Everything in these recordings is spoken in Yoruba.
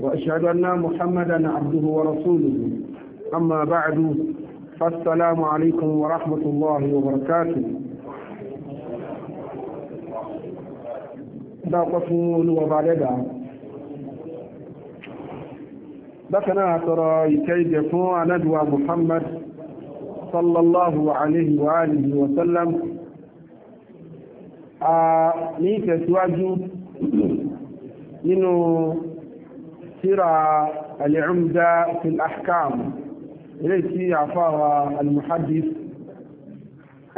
وأشهد أن محمدا عبده ورسوله أما بعد فالسلام عليكم ورحمة الله وبركاته داقفون وبعددا بكنا ترى كيد يكون ندوى محمد صلى الله عليه وآله وسلم آه نيكس واجو nínú tíra al-Umda fil ahkam ilé tí àfáwà al-muhaddith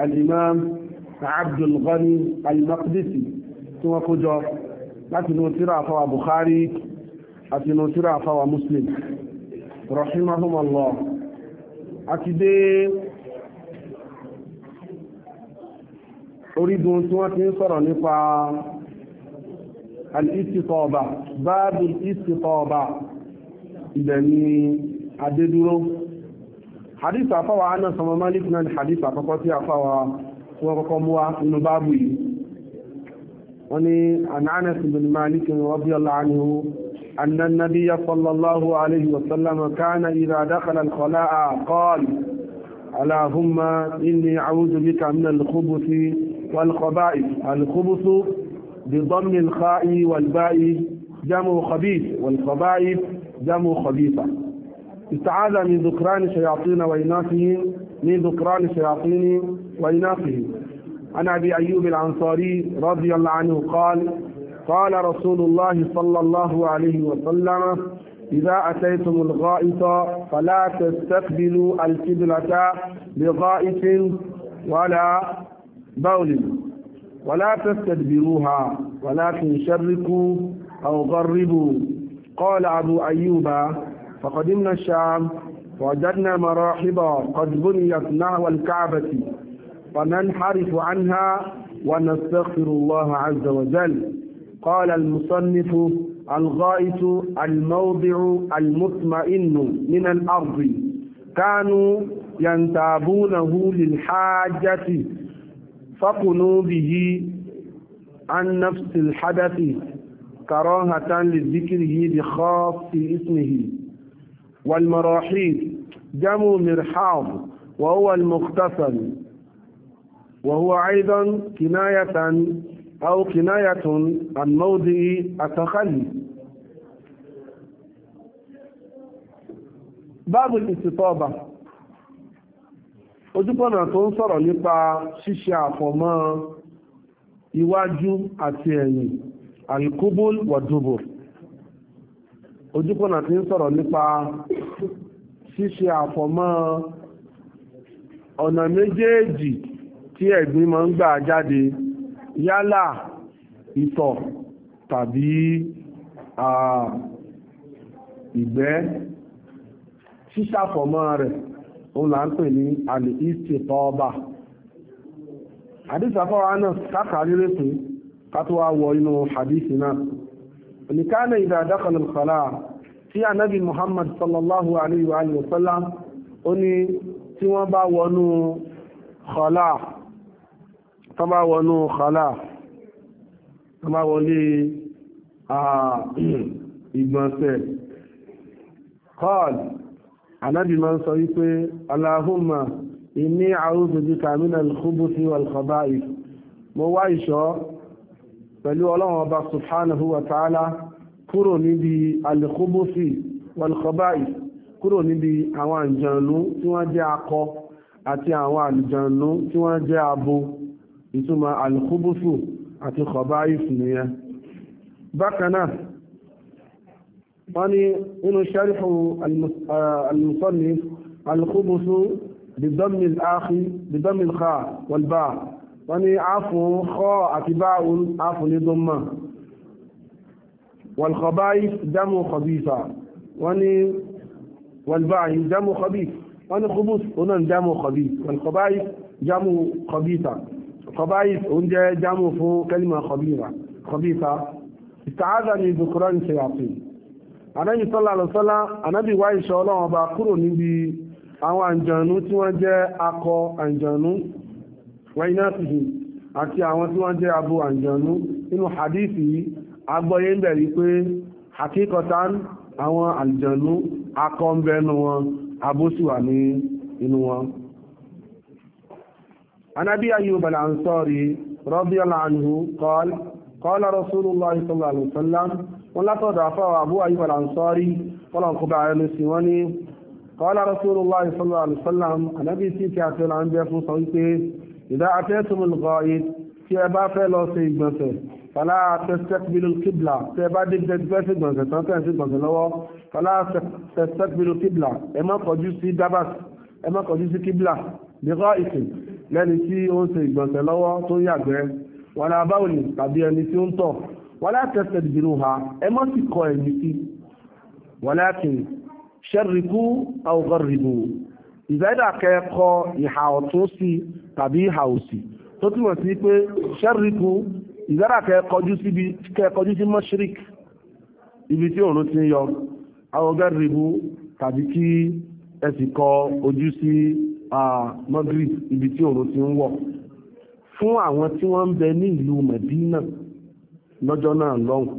al-imam Abdul Ghani al-Maqdisi tí wọ́n kó jọ láti inú tíra àfáwà Bukhari àti inú Muslim rahimahumallah àti dé orígun tí wọ́n ti ń sọ̀rọ̀ nípa alìsìtọ̀ọ̀bà báàbù ìsìtọ̀ọ̀bà ibẹ̀ ni adédúró hadith àfáwà aná sọmọ malik náà ni hadith àkọ́kọ́ tí àfáwà wọn kọ́kọ́ mú wá inú báàbù yìí wọ́n ni anáàna ibn malik radiyallahu anhu أن النبي صلى الله عليه وسلم كان إذا دخل الخلاء قال اللهم إني أعوذ بك من الخبث والخبائث الخبث بضم الخاء والباء جمع خبيث والخبائث جمع خبيثة استعاذ من ذكران الشياطين وإناثهم من ذكران الشياطين وإناثهم عن أبي أيوب الأنصاري رضي الله عنه قال قال رسول الله صلى الله عليه وسلم إذا أتيتم الغائط فلا تستقبلوا الكبلة بغائط ولا بول ولا تستدبروها ولكن شركوا أو غربوا قال أبو أيوب فقدمنا الشام وجدنا مراحب قد بنيت نحو الكعبة فننحرف عنها ونستغفر الله عز وجل قال المصنف الغائط الموضع المطمئن من الأرض كانوا ينتابونه للحاجة فقنوا به عن نفس الحدث كراهة لذكره بخاص اسمه والمراحيض دم مرحاض وهو المغتسل وهو أيضا كناية أو كناية عن موضع التخلي باب الاستطابة ojúpọ̀nà tó ń sọ̀rọ̀ nípa ṣíṣe àfọ̀mọ́ iwájú àti ẹ̀yìn alkubul wadubur ojúpọ̀nà tí ń sọ̀rọ̀ nípa ṣíṣe àfọ̀mọ́ ọ̀nà méjèèjì tí ẹ̀gbin ma ń gbà jáde yálà ìtọ̀ tàbí ìgbẹ́ ṣíṣàfọ̀mọ́ rẹ̀ òun là ń pè ní àlè istitaba àdìsá fọ́ra náà káàkà rírẹ́ pé ká tó wá wọ inú àdìsí náà oníkánà ìdá dákọlù kọlá tí ànábì Muhammad sallallahu alayhi wa sallam ó ní tí wọ́n bá wọnú kọlá tó bá wọnú kọlá tó bá wọlé ìgbọ̀nsẹ̀ kọ́ọ̀lù ànábì máa ń sọ wípé aláhùnmá ìní àrùsùdí kàmínà kúbùsí wàlùkọ̀báì mo wá ìṣọ́ pẹ̀lú ọlọ́run ọba subhanahu wa ta'ala kúrò níbi alìkúbùsí wàlùkọ̀báì kúrò níbi àwọn àjànú tí wọ́n jẹ́ akọ àti àwọn àjànú tí wọ́n jẹ́ abo ìtumọ̀ alìkúbùsù àti kọ̀báì nìyẹn bákan wọ́n ní inú ṣẹ́rífù al-musannif al-khubus bidomil kha walba wọ́n ní áfún kọ́ àti báun áfún ní dọ́mà walkọ̀báyí dámù kọ̀bífà wọ́n ní walbáyí dámù kọ̀bíf wọ́n ní khubus onan dámù kọ̀bíf walkọ̀báyí dámù kọ̀bífà kọ̀báyí oúnjẹ dámù fún kẹlìmà kọ̀bífà ìtàádà ní dùkúrán ṣe yàtọ̀ anábì sọ́lá lọ́sọ́lá anábì wá ìṣọ́ ọlọ́run ọba kúrò níbi àwọn àǹjànú tí wọ́n jẹ́ akọ àǹjànú wẹ́yìnàtìhì àti àwọn tí wọ́n jẹ́ abo àǹjànú nínú hadithi yìí agbọ́yé ń bẹ̀rí pé hakíkọtán àwọn àǹjànú akọ ń bẹnu wọn abo sì wà ní inú wọn anábì Ayyub al-Ansari radiyallahu anhu qala qala rasulullahi sallallahu alaihi wọn látọ̀dọ̀ àfáwà Abu Ayyub al-Ansari kọ́lọ̀ kó bá ẹnu sí wọ́n ní kọ́lá Rasulullah sallallahu alaihi wasallam ànábì tí kí a tẹ́lá ń bẹ́ fún sọ wípé ìdá atẹ́tùm al-gha'it tí ẹ bá fẹ́ lọ sí ìgbọ̀nsẹ̀ fala tastaqbilu al-qibla tí ẹ bá dé gbẹ́ sí ìgbọ̀nsẹ̀ tán tẹ̀ sí ìgbọ̀nsẹ̀ lọ́wọ́ fala tastaqbilu al-qibla ẹ má kọjú sí dabas lẹ́ni tí ó ń ṣe ìgbọ̀nsẹ̀ lọ́wọ́ tó ń yàgbẹ́ wala bawli tàbí ẹni tí ó ń tọ̀ wàlá tastadbiruha ẹ má sì kọ ẹ̀yìn sí walakin sharriqu aw gharribu ìbẹ́dàkẹ́ kọ ìhà ọ̀tún sí tàbí ìhà òsì tó túmọ̀ sí pé sharriqu ìbẹ́dàkẹ́ kọjú síbi kẹ́ kọjú sí mashrik ibi tí òòrùn ti ń yọ aw gharribu tàbí kí ẹ sì kọ ojú sí magrib ibi tí òòrùn ti ń wọ̀ fún àwọn tí wọ́n ń bẹ ní ìlú Madina lọ́jọ́ náà lọ́hùn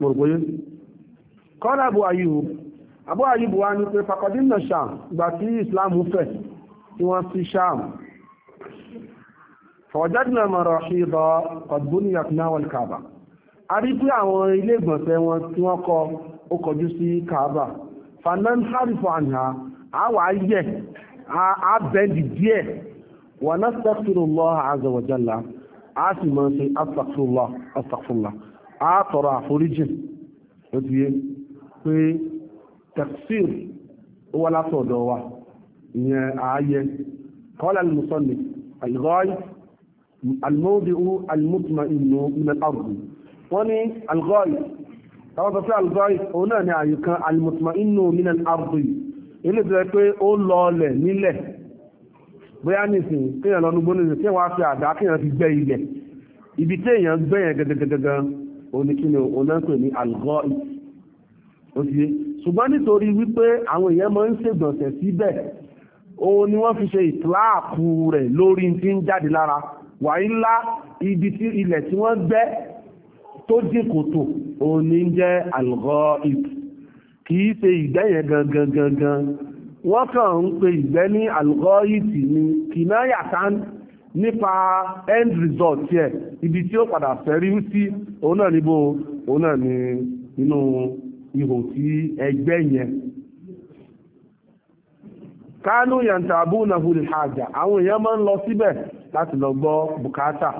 mo rò pé kọ́lá Abu Ayyub Abu Ayyub wa ni pé fakọ̀dínà sham gbà tí Islam fẹ̀ tí wọ́n sí sham fọ̀jọ́dínà mọ̀rọ̀ ṣíbọ̀ ọ̀gbóniyà náwọ̀l kaaba a rí pé àwọn ilé ìgbọ̀nsẹ̀ wọn tí wọ́n kọ́ ó kọjú sí kaaba fanan harifo àná àwọ̀ ayẹ̀ àbẹ̀ndì díẹ̀ wọ̀nà sẹ́kùrù lọ́ azza wa a sì máa ṣe astaghfirullah astaghfirullah a tọrọ àforíjìn ó ti yé pé tafsir ó wá látọ̀dọ̀ wa ìyẹn ààyẹ qala al-musannif al-ghaya al-mawdi'u al-mutma'innu min al-ard wọ́n ní al àwọn sọ pé al òun náà ni àyíkan al-mutma'innu min al-ard ilé ìfẹ́ pé ó lọ ọlẹ̀ nílẹ̀ bóyá nìsín kéèyàn lọ nugbó nìsín kéèyàn wá fi àdá kéèyàn fi gbẹ́ ilẹ̀ ibi téèyàn gbẹ́ yẹn gẹ́gẹ́gẹ́gẹ́ oníkíni onáńpẹ̀ ní àlùkò òsìyé ṣùgbọ́n nítorí wípé àwọn èèyàn máa ń ṣègbọ̀nsẹ̀ síbẹ̀ òun ni wọ́n fi ṣe ìtìláàpù rẹ̀ lórí tí ń jáde lára wàyí ńlá ibi tí ilẹ̀ tí wọ́n gbẹ́ tó dín kòtò òun ni ń jẹ́ àlùkò ìp kì í ṣe ìgbẹ́yẹn gangan gangan wọ́n kàn ń pe ìgbẹ́ ní algọ́ìtì ní kìnnáyàtán nípa end result yẹ ibi tí ó padà fẹ́rí sí òun náà níbo òun náà ní inú ihò tí ẹgbẹ́ yẹn kánú yàntàbù náà hùlì hàjà àwọn èèyàn máa ń lọ síbẹ̀ láti lọ gbọ́ bùkátà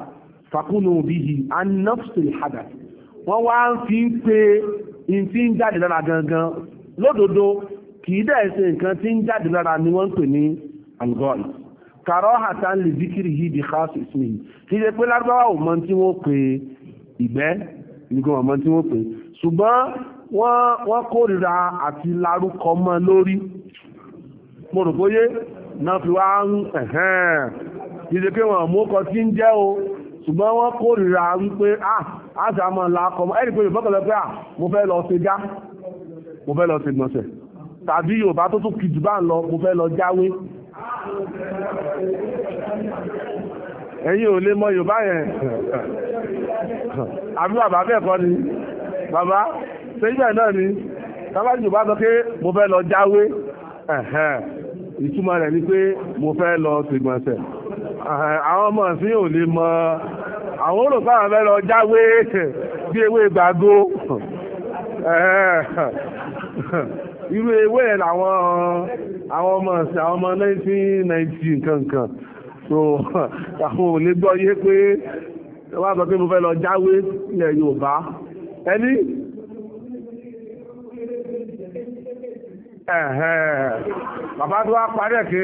fàkúnnù bíi anọ́fṣì hàjà wọ́n wá ń fi ń pe ìntí ń jáde lára gangan lódodo kìí dẹ̀ ṣe nǹkan tí ń jáde lára ni wọ́n ń pè ní algol kàrọ́ hàtán lè zikiri yìí di khas ismi kìí ṣe pé lárúbáwá ò mọ tí wọ́n pe ìgbẹ́ nìkan ọmọ tí wọ́n pe ṣùgbọ́n wọ́n kórìíra àti larúkọ mọ́ lórí mo rò bóyé náà fi wá ń ẹ̀hẹ́n kìí ṣe pé wọ́n mú ọkọ̀ tí ń jẹ́ o ṣùgbọ́n wọ́n kórìíra wípé àṣà ah, mọ̀ làákọ̀ ẹ̀rí pé Yorùbá kọ̀ lọ pé à ah, mo fẹ́ lọ ṣe já mo fẹ́ lọ ṣe gbọ̀nsẹ̀ tàbí Yorùbá tó tún kìjù bá ń lọ mo fẹ́ lọ jáwé ẹ̀yin ò lè mọ Yorùbá yẹn àbí bàbá bẹ́ẹ̀ kọ́ ni bàbá sẹ́yìnbẹ̀ náà ni bàbá Yorùbá sọ pé mo fẹ́ lọ jáwé ìtumọ̀ rẹ̀ ni pé mo fẹ́ lọ ṣègbọ̀nsẹ̀ àwọn ọmọ sí ò lè mọ àwọn olùkọ́ àwọn fẹ́ lọ jáwé bí ewé gbàgbó irú ewé ẹ̀ làwọn àwọn ọmọ ọ̀sẹ̀ àwọn ọmọ 1990 nkankan so àwọn ò lè gbọ́ yé pé wọ́n sọ pé mo fẹ́ lọ jáwé ilẹ̀ Yorùbá ẹni bàbá tó wá parí ẹ̀ pé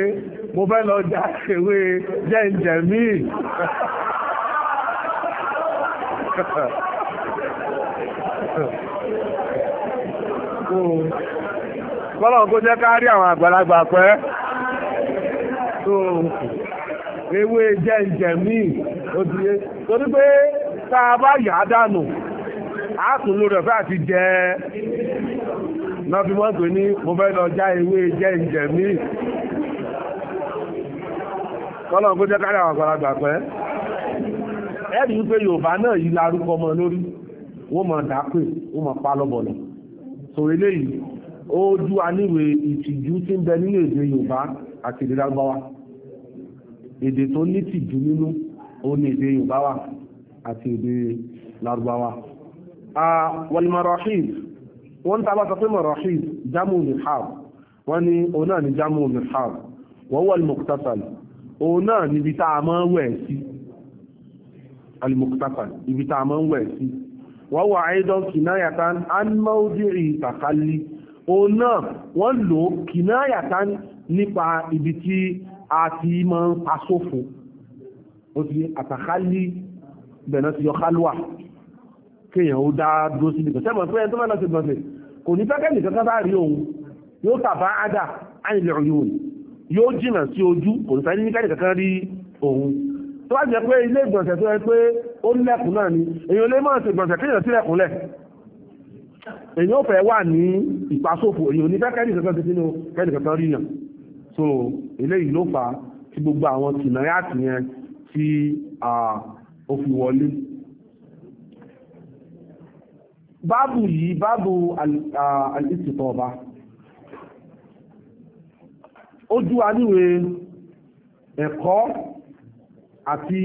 mo fẹ́ lọ já ewé jẹ́ǹjẹ̀ míì Oh kọ́lọ̀ kó jẹ́ ká rí àwọn àgbàlagbà pẹ́ tó ewé jẹ́ǹjẹ̀ míì ó ti yé torí pé tá a bá yà á dànù á tún lórí ọ̀fẹ́ àti jẹ náà fi mọ́ pé ní mo fẹ́ lọ já ewé jẹ́ǹjẹ̀ míì kọ́lọ̀ kó jẹ́ ká àwọn àgbàlagbà pẹ́ ẹ̀rí wípé Yorùbá náà yìí larúkọ ọmọ lórí wọ́n mọ̀ dápè wọ́n mọ̀ pa sọ eléyìí ó jú aníwè ìtìjú tí ń bẹ nínú èdè Yorùbá àti èdè lágbáwá èdè tó ní tìjú nínú ó ní èdè Yorùbá wà àti èdè Lárúbáwá wàlìmọ̀rọ̀ṣìd wọ́n ń tàbá sọ pé mọ̀rọ̀ṣìd jámù nìhàb wọ́n ní òun náà ní jámù nìhàb wọ́n wọ́n mọ̀kútàsàlì òun náà níbi tá a máa ń wẹ̀ sí alìmọ̀kútàsàlì ibi tá a máa ń wẹ̀ sí wọ́n wà áìdán kìnnáyàtán án mọ́ òun náà wọ́n lò kìnnáyàtá nípa ibi tí a ti máa ń pasófo ó ti àtàkálí bẹ̀rẹ̀ ti yọ kálúà kéèyàn ó dá dúró sí nìkan sẹ́mọ̀ pé ẹni tó fẹ́ lọ sí gbọ̀nsẹ̀ kò ní fẹ́kẹ́ nìkan ká bá rí òun yóò tàbá ádà àìlẹ̀ òyìn yóò jìnà sí ojú kò ní fẹ́ ní kan rí òun tó bá jẹ́ pé ilé ìgbọ̀nsẹ̀ tó yẹ pé ó lẹ́kùn náà ni èèyàn lè máa ṣègbọ̀nsẹ̀ kéèyàn sílẹ̀kùnlẹ̀ èyí ò fẹ́ wà ní ìpasòfò èyí ò ní fẹ́ kẹ́ni kankan ti sínú kẹ́ni kankan rí so eléyìí ló fà á tí gbogbo àwọn tìnáyà tìyẹn tí ó fi wọlé báàbù yìí báàbù alìsìtọ̀ ọba ojú aníwe ẹ̀kọ́ àti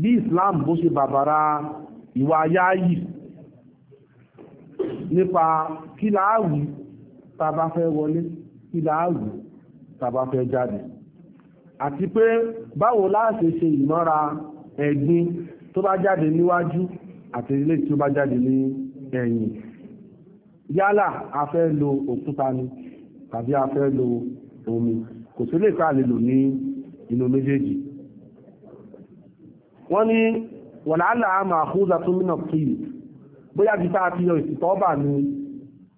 bí Islam bó ṣe bàbára ìwà yááyì nípa kí láàwì tàbá fẹ́ wọlé kí láàwì tàbá fẹ́ jáde àti pé báwo láàṣẹ ṣe ìmọ́ra ẹ̀gbin tó bá jáde níwájú àti ilé tí ó bá jáde ní ẹ̀yìn yálà a fẹ́ lo òkúta ni tàbí a fẹ́ lo omi kò sí lè ká lè lò ní inú méjèèjì wọ́n ní wàlálà a máa kúzà tó mìnà tìlì bóyá bí tá a fi hàn ìsìtọ́ bà ní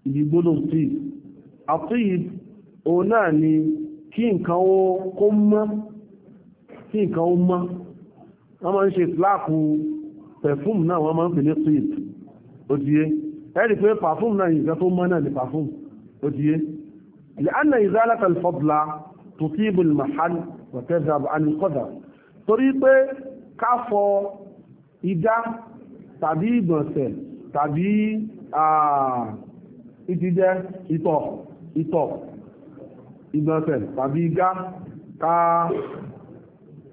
ibi sí àti òun náà ni kí nǹkan ó kó mọ́ kí nǹkan ó mọ́ wọ́n máa ń ṣe ìsìláàkù pẹ̀fúmù náà wọ́n máa ń pè ní sweet òdìye ẹ̀rì pé pàfúmù náà nǹkan tó mọ́ náà ní pàfúmù òdìye lẹ́ànà ìzálàtà ìfọ́bùlà tó sí ibù mahal wọ̀tẹ́zà àníkọ́dà torí pé ká fọ ìdá tàbí ìgbọ̀nsẹ̀ tàbí ìtijẹ́ ìtọ̀ ìtọ̀ ìgbọ̀nsẹ̀ tàbí igá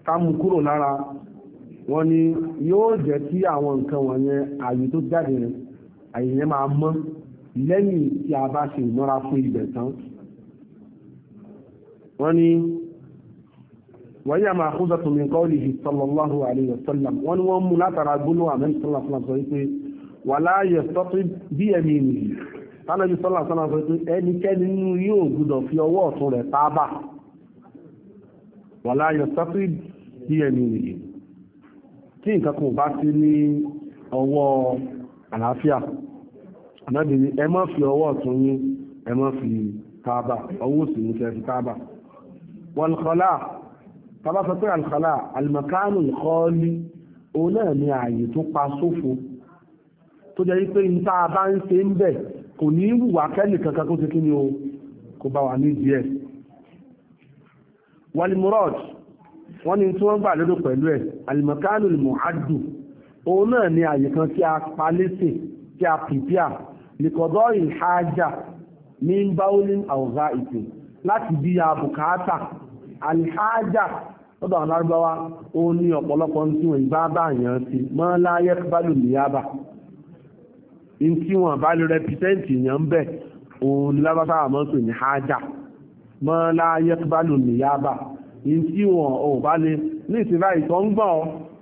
ká mú kúrò lára wọn ni yóò jẹ́ kí àwọn nǹkan wọ̀nyẹn àyè tó jáde rẹ̀ àyè yẹn máa mọ́ lẹ́yìn tí a bá ṣe ìnọ́ra fún ibẹ̀ tán wọ́n ni wọ́n yà máa kúzọ̀tún min sallallahu alayhi wa sallam wọ́n ni wọ́n mú látara gbóná àmẹ́sọ́lá fún àṣọ wípé wàlá yẹ̀sọ́tí bí ẹ̀mí nìyí tánàbí sọ́là sọ́là sọ pé ẹnikẹ́ni nínú yóò gbúdọ̀ fi ọwọ́ ọ̀tún rẹ̀ tábà wàlá yẹ̀sọ́tí bí ẹ̀mí nìyí tí nǹkan kò bá sí ní ọwọ́ àlàáfíà ànábì ni ẹ má fi ọwọ́ ọ̀tún yín ẹ má fi tábà ọwọ́ òsì ní kẹ́ tábà wàlùkọ́lá tábà sọ pé àlùkọ́lá àlùmọ̀kánù ìkọ́ọ́lí òun náà ni ààyè tó pa sófo tó jẹ́ wípé ìta bá ń ṣe ń bẹ̀ kò ní wùwà kẹ́lì kankan kó ti kí ni o kò bá wà ní díẹ̀ walimurod wọ́n ní tí wọ́n gbà lérò pẹ̀lú ẹ̀ alimọ̀kánù lè òun náà ni àyè kan tí a palẹ́sẹ̀ tí a pìpíà nìkọ̀dọ́ ìhájà ní báwọlín àwòrán ìpè láti bí a bùkátà alihájà lọ́dọ̀ àwọn lárúbáwá ó ní ọ̀pọ̀lọpọ̀ tí wọ́n ìbá bá yàn sí mọ́ láyé bálù níyàbà in tí wọ́n bá lè rẹpítẹ́ǹtì èèyàn ń òun ni lábábá àmọ́ pè ní hájà mọ́ láyé bálù níyàbà in tí wọ́n ò bá lè ní ìsìn báyìí ń gbọ́n ọ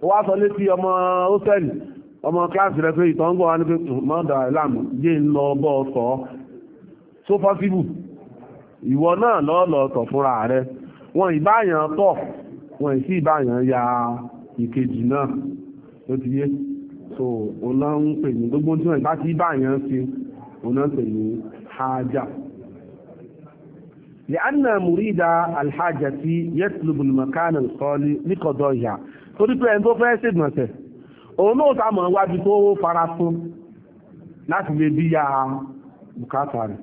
wá sọ létí ọmọ hósẹ́lì ọmọ kíláàsì rẹ pé ìtọ́ ń gbọ́n wa ní pé mọ́dà ìlàmù jẹ́ ń lọ bọ́ ọ sọ so possible ìwọ náà lọ́ọ̀lọ́ọ̀tọ̀ fúnra rẹ wọn ìbáyàn tọ̀ wọn ìsí ìbáyàn ya ìkejì náà ló ti yé so òun náà ń pè ní gbogbo tí wọ́n bá ti bá yẹn sí òun náà ń pè ní haja lẹ́ànà mùrídà alhaja tí yẹ́tùlùbùn mọ̀kánà sọ́ọ́lì níkọ̀dọ̀ ìyá torí pé ẹni tó fẹ́ ṣègbọ̀nsẹ̀ òun náà ta mọ̀ wájú tó fara fún láti lè bí ya bùkátà rẹ̀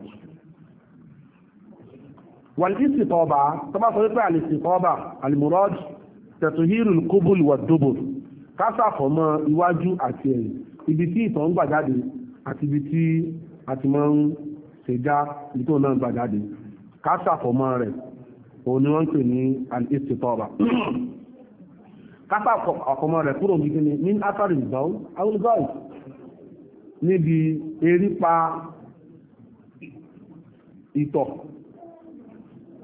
wàlìsìkọ́ọ̀bà tó bá sọ wípé àlìsìkọ́ọ̀bà alìmùrọ́d tẹ̀tùhírù kúbùl wà dúbùl kásàfọ̀mọ́ iwájú àti ẹ̀yìn ibi tí ìtọ̀ ń gbà jáde àti ibi tí a ti máa ń ṣèjá ibi tó náà ń gbà jáde kásàfọ̀mọ́ rẹ̀ òun ni wọ́n ń pè ní al-istitaba kápá àkọmọ́ rẹ̀ kúrò gidi ni ní afárí ìgbàun awolgoi níbi erípa ìtọ̀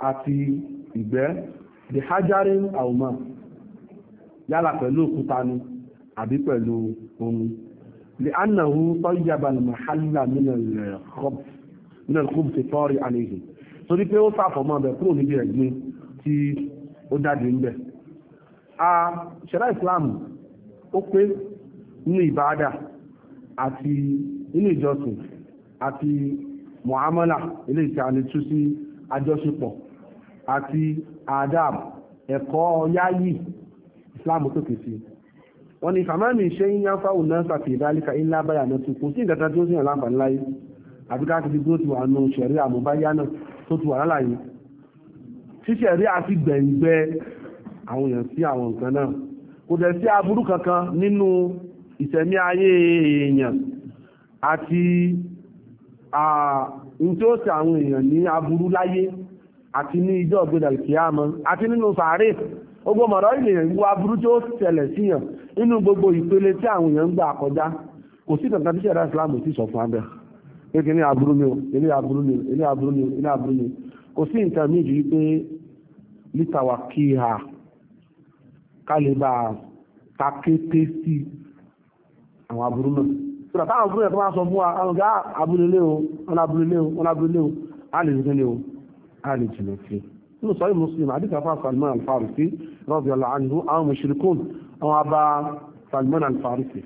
àti ìgbẹ́ the hajarin auma yálà pẹ̀lú òkúta ni àbí pẹ̀lú omi lè ánàwó tọ́yàbà màhálà mìíràn kúbù ti tọ́rí àlejò torí pé ó sàfọ̀mọ́ ọbẹ̀ kúrò níbi ẹ̀gbin tí ó jáde ń bẹ̀. a ṣẹ̀dá ìsìláàmù ó pé nínú ìbáadà àti nínú ìjọsìn àti mọ̀hámọ́là ilé ìta tú sí àjọṣepọ̀ àti àdáàbò ẹ̀kọ́ yáyì islam tó kìí sí wọ́n ní fàmánì ṣe ń yán fáwọn náà sàfihàn ìdálíkà ńlá báyà náà tó kù sí nǹkan kan tí ó sì hàn láǹfààní láyé àbí ká ti dúró ti wà nù ṣẹ̀rí àmúbáyá náà tó ti wà lálàyé ṣíṣẹ̀rí àti gbẹ̀ngbẹ́ àwọn èèyàn sí àwọn nǹkan náà kò dẹ̀ sí aburú kankan nínú ìṣẹ̀mí ayé èèyàn àti n tí ó sì àwọn èèyàn ní aburú láyé àti ní ìjọ́ ọ̀gbẹ́dàlùkìyàmọ́ àti nínú sàárè gbogbo mọ̀rọ̀ ilẹ̀ ìwọ aburú tó ṣẹlẹ̀ síyàn nínú gbogbo ìpele tí àwọn èèyàn ń gbà kọjá kò sí kankan tí ṣẹ̀dá ìsìláàmù ti sọ fún abẹ́ pé kí ní aburú ni o ilé aburú ni o ilé aburú ni o ilé aburú ni o kò sí nǹkan méjì wípé lítàwà kí ha ká lè bá a ta kété sí àwọn aburú náà sọ̀rọ̀ táwọn aburú yẹn tó máa sọ fún wa àwọn ọ̀gá aburú ilé o wọn aburú ilé o wọn aburú ilé o a lè jìnnà sí nínú sọ́yìn muslim àdìsá fún salman alfarisi radiyallahu anhu àwọn mushrikun àwọn abá salman alfarisi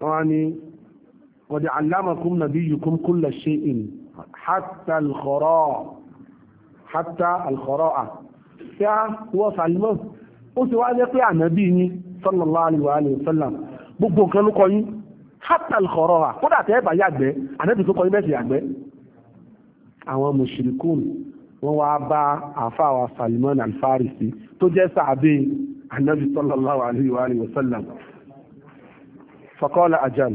wọn ni wọ́n di allamakum nabiyukum kulla shay'in hatta al-khara'a hatta al-khara'a tí a wọ́n salman ó sì wá jẹ́ pé ànábì yín sallallahu alaihi wa sallam gbogbo nǹkan ló kọ́ yín hatta al kódà tẹ́ ẹ̀ bá yàgbẹ́ ànábì tó kọ́ bẹ́ẹ̀ sì yàgbẹ́ àwọn mushrikun wọ́n wá bá àfáwà Salman al-Farisi tó jẹ́ sàábé annabi sallallahu alaihi wa alihi wa sallam faqala ajal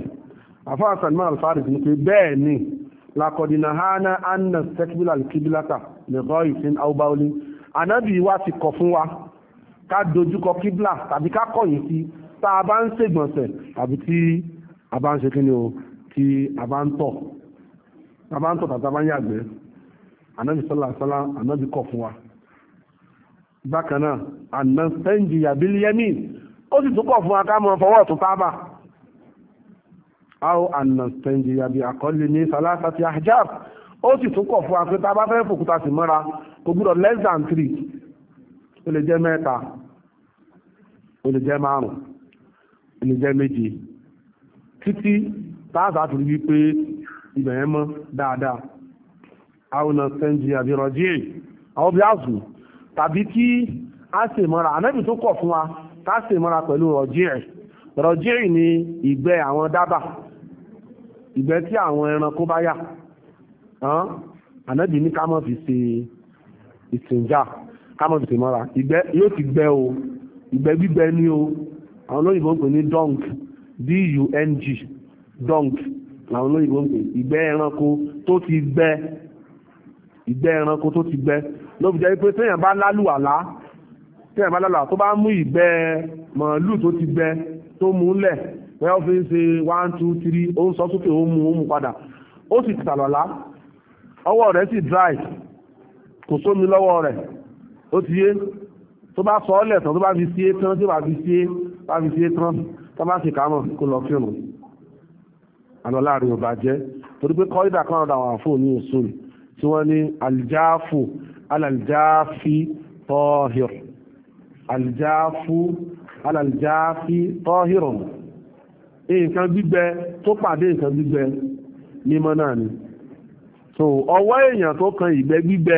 àfáwà Salman al-Farisi ní pé bẹ́ẹ̀ ni lakọ̀dínà hánà anna sẹ́kíbílà kíbílátà lè rọ ìfín aubáwọlé anábì wa ti kọ̀ fún wa ká dojúkọ kíbílà tàbí ká kọ̀yìn sí tá a bá ń ṣègbọ̀nsẹ̀ tàbí tí a bá ń ṣe kí ni o tí a bá ń tọ̀ tàbí a bá ń yàgbẹ́ ànábì sọ́lá sọ́lá ànábì kọ̀ fún wa bákan náà àná sẹ́ńjì yàbílì yẹ́mì ó sì tún kọ̀ fún wa ká mọ fọwọ́ ọ̀tún sábà àwọn àná sẹ́ńjì yàbí àkọ́lé ní sàlásà ti àjáàb ó sì tún kọ̀ fún wa pé tá a bá fẹ́ fòkúta sí mọ́ra kò gbúdọ̀ less than three ó lè jẹ́ mẹ́ta ó lè jẹ́ márùn-ún ó lè jẹ́ méje títí táàtà tó rí wípé ibẹ̀ yẹn mọ́ dáadáa àwọn sẹ́ńjì àbírọ̀jì èyí àwọn bí àzù tàbí kí a ṣe mọ́ra ànábì tó kọ̀ fún wa ká ṣe mọ́ra pẹ̀lú rọ̀jì ẹ̀ rọ̀jì èyí ni ìgbẹ́ àwọn dábà ìgbẹ́ tí àwọn ẹranko bá yà ànábì ní ká má fi ṣe ìsìnjà ká má fi ṣe mọ́ra ìgbẹ́ yóò ti gbẹ o ìgbẹ́ gbígbẹ ni o àwọn olóyìnbó ń pè ní dunk d-u-n-g dunk làwọn olóyìnbó ń pè ìgbẹ́ ẹranko tó ti gbẹ ìgbẹ́ ẹranko tó ti gbẹ ló fi jẹ́ pé téèyàn bá lálùwàlá téèyàn bá lálùwàlá tó bá mú ìgbẹ́ màálù tó ti gbẹ tó mú lẹ̀ pé ó fi ń ṣe one two three ó ń sọ sókè ó mú ó mú padà ó sì tàlọ́lá ọwọ́ rẹ̀ sì dry kò sómi lọ́wọ́ rẹ̀ ó ti yé tó bá sọ ọ́lẹ̀ tán tó bá fi sí é tán tó bá fi sí é bá fi sí é tán tó bá sì kámọ̀ kó lọ kírun àlọ́ láàrin ò bàjẹ́ torí pé kọ́ ìdà kan ọ̀dà wà fún òní òṣùlù tí wọ́n ní aljáfù alàljáfí tọ́hìr aljáfù alàljáfí tọ́hìrùn nǹkan gbígbẹ tó pàdé nǹkan gbígbẹ mímọ́ náà ni so ọwọ́ èèyàn tó kan ìgbẹ́ gbígbẹ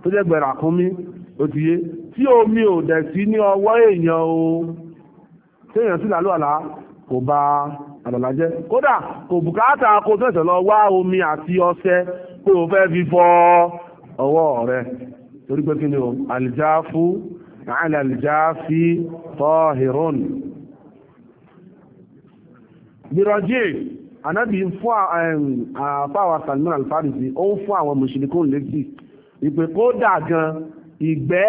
tó jẹ́ gbẹ̀rà kún mí ó ti yé tí omi ò dẹ̀ sí ní ọwọ́ èèyàn o téèyàn sì lálọ́ àlá kò bá a àlọ́lá jẹ́ kódà kò bùkátà kó tẹ̀sẹ̀ lọ wá omi àti ọṣẹ pé o fẹ́ fi fọ ọwọ́ rẹ torí pé kí ni o àlìjáfú àlẹ́ àlìjáfí tọ́hìrún bìrọ̀jì anábì fún àfáwà Salman al ó ń fún àwọn mùsùlùmí létí ìpè kódà gan ìgbẹ́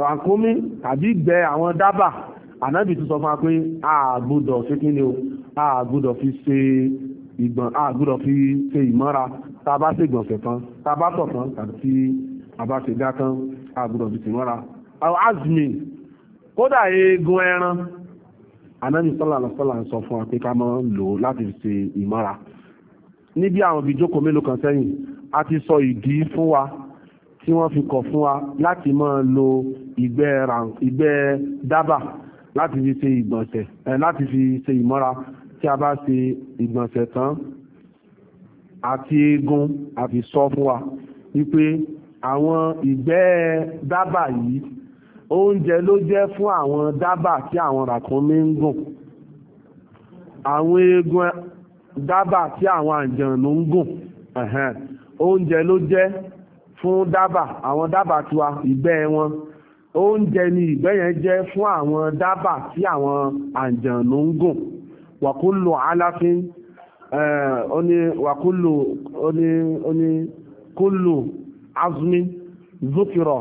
ràkúnmí tàbí ìgbẹ́ àwọn dábàá ànábì tún sọ fún wa pé àgbọ́dọ̀ fi kí ni o àgbọ́dọ̀ fi ṣe ìgbọ̀n àgbọ́dọ̀ fi ṣe ìmọ́ra tá a bá ṣe ìgbọ̀nsẹ̀ kan tá a bá tọ̀ kan tàbí tí a bá ṣe dá kan àgbọ́dọ̀ fi ṣe ìmọ́ra. azmi kódà eegun ẹran ànábì sọ́là lọ́sọ́là ń sọ fún wa pé ká máa ń lò ó láti fi ṣe ìmọ́ra níbi àwọn ibi ìjókòó mélòó kan sẹ́yìn a ti sọ ìdí fún wa tí wọ́n fi kọ̀ fún wa láti máa lo ìgbẹ́ dábàá láti fi ṣe ìgbọ̀nsẹ̀ ẹ̀ láti fi ṣe ìmọ́ra tí a bá ṣe ìgbọ̀nsẹ̀ tán àti eegun àfi sọ fún wa wípé àwọn ìgbẹ́ dábà yìí oúnjẹ ló jẹ́ fún àwọn dábà tí àwọn ràkúnmí ń gùn àwọn eegun dábà tí àwọn àjànú ń gùn oúnjẹ ló jẹ́ fún dábà àwọn dábà tiwa ìgbẹ́ wọn oúnjẹ ni ìgbẹ́ yẹn jẹ́ fún àwọn dábà tí àwọn àjànú ń gùn wàkúlù aláfin oní wàkúlù oní oní kúlù azmi zukiro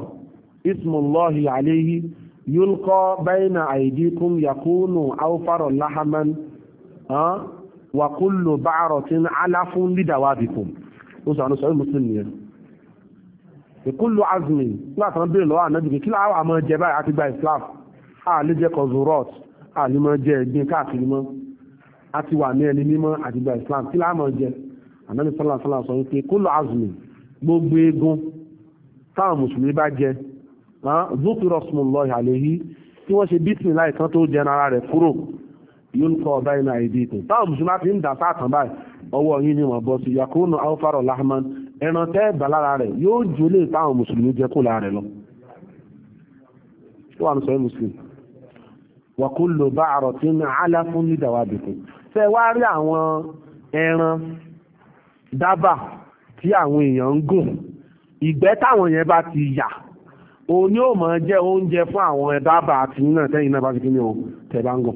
ismullahi alayhi yulqa bayna aidikum yakunu awfaro lahaman wàkúlù ba'ratin aláfún lidawabikum ó sọ àwọn sọ muslim yẹn ìkúlù azmi nígbà tán bèèrè lọ́wọ́ ànábì kí láwọn àmọ́ jẹ báyìí àti gba islam àlè jẹ kọzurọt àlè mọ́ jẹ ẹ̀gbin káàkiri mọ́ àti wà ní ẹni mímọ́ àti gba islam kí láwọn jẹ ànábì sọlá sọlá sọ wípé kúlù azmi gbogbo eegun táwọn mùsùlùmí bá jẹ zukiro sumullahi alayhi tí wọ́n ṣe bísìn láì kan tó jẹ ara rẹ̀ kúrò yóò ń kọ́ ọ̀bá ẹran tẹ́ ẹ̀bà lára rẹ̀ yóò ju ilé ìtàwọn mùsùlùmí jẹ kó lára rẹ̀ lọ tó wà ní sọ́yìn mùsùlùmí wa kullu ba'ratin 'alafun li dawabikum tẹ́ wá rí àwọn ẹran dábà tí àwọn èèyàn ń gùn ìgbẹ́ táwọn yẹn bá ti yà òun yóò máa jẹ́ oúnjẹ fún àwọn dábà àti náà tẹ́yìn náà bá ti kí ni o tẹ́ bá ń gùn